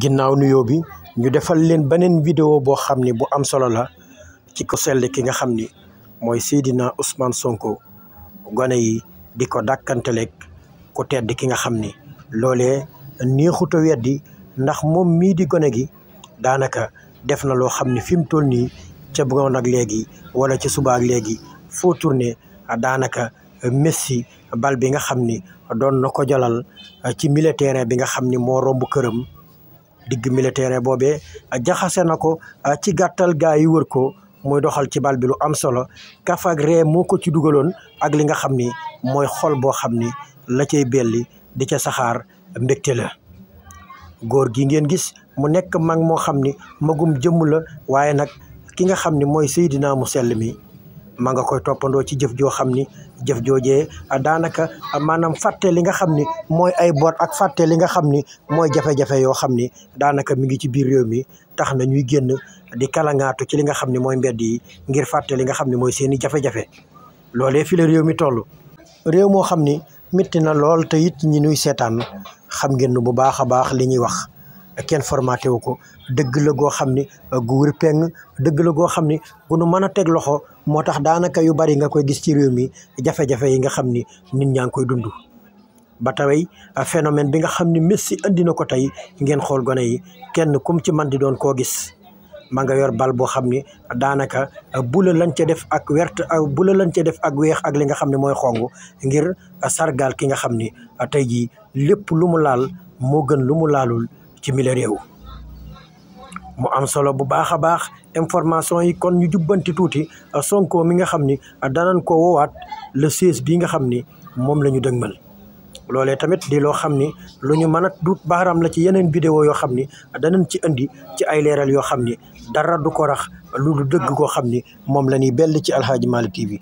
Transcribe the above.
ginnaaw nuyoo bi ñu defal leen beneen vidéo boo xam ni bu am solo la ci ku sell ki nga xam ni mooy Seydina Ousmane Sonko gone yi di ko dàkkanteleeg ku tedd ki nga xam ni loole neexut a weddi ndax moom mii di gone gi daanaka def na loo xam ni fi mu toll nii ca bëggoon ak léegi wala ci suba ak léegi foo tourné daanaka Messi bal bi nga xam ni doon na ko jolal uh, ci milieu terrain bi nga xam ni moo romb këram digg milieu boobe boobee uh, jaxase na ko uh, ci gàttal gaa yi wër ko muy doxal ci bal bi lu am solo kaf ak ree moo ko ci dugaloon ak li nga xam ni mooy xol boo xam ni la cay belli di ca saxaar mbégte la góor gi ngeen gis mu nekk mag moo xam ni magum jëmm la waaye nag ki nga xam ni mooy Seydina mu sell mi ma nga koy toppandoo ci jëf joo xam ni jëf joojee daanaka maanaam fàtte li nga xam ni mooy ay bor ak fàtte li nga xam ni mooy jafe-jafe yoo xam ni daanaka mi ngi ci biir réew mi tax na ñuy génn di kalangaatu ci li nga xam ni mooy mbedd yi ngir fàtte li nga xam ni mooy seen i jafe-jafe loolee fi la réew mi toll réew moo xam ni métti na lool te it ñi nuy seetaan xam ngeen bu baax a baax li ñuy wax kenn formaté wu ko dëgg la goo xam ni euh, gu wër peng dëgg la goo xam ni gu nu mën a teg loxo moo tax daanaka yu bari nga koy gis ci réew mi jafe-jafe yi nga xam ni nit ñaa ngi koy dund. ba tawee euh, phénomène bi nga xam ni Messi andi ko tey ngeen xool gone yi kenn kum ci man di doon koo gis. ma nga yor bal boo xam ni daanaka euh, bula lan ca def ak a bula lan ca def ak weex ak li nga xam ne mooy xong ngir sargal ki nga xam ni tey jii lépp lu mu laal moo gën lu mu laalul ci mille réew mu am solo bu baax a baax information yi kon ñu jubbanti tuuti Sonko mi nga xam ni danañ ko woowaat le 16 bii nga xam ni moom la ñu mën loole tamit di loo xam ni lu ñu mën a duut baaraam la ci yeneen vidéo yoo xam ni danañ ci indi ci ay leeral yoo xam ni dara du ko rax lu dëgg koo xam ni moom la ñuy bell ci Aladji Malick TV.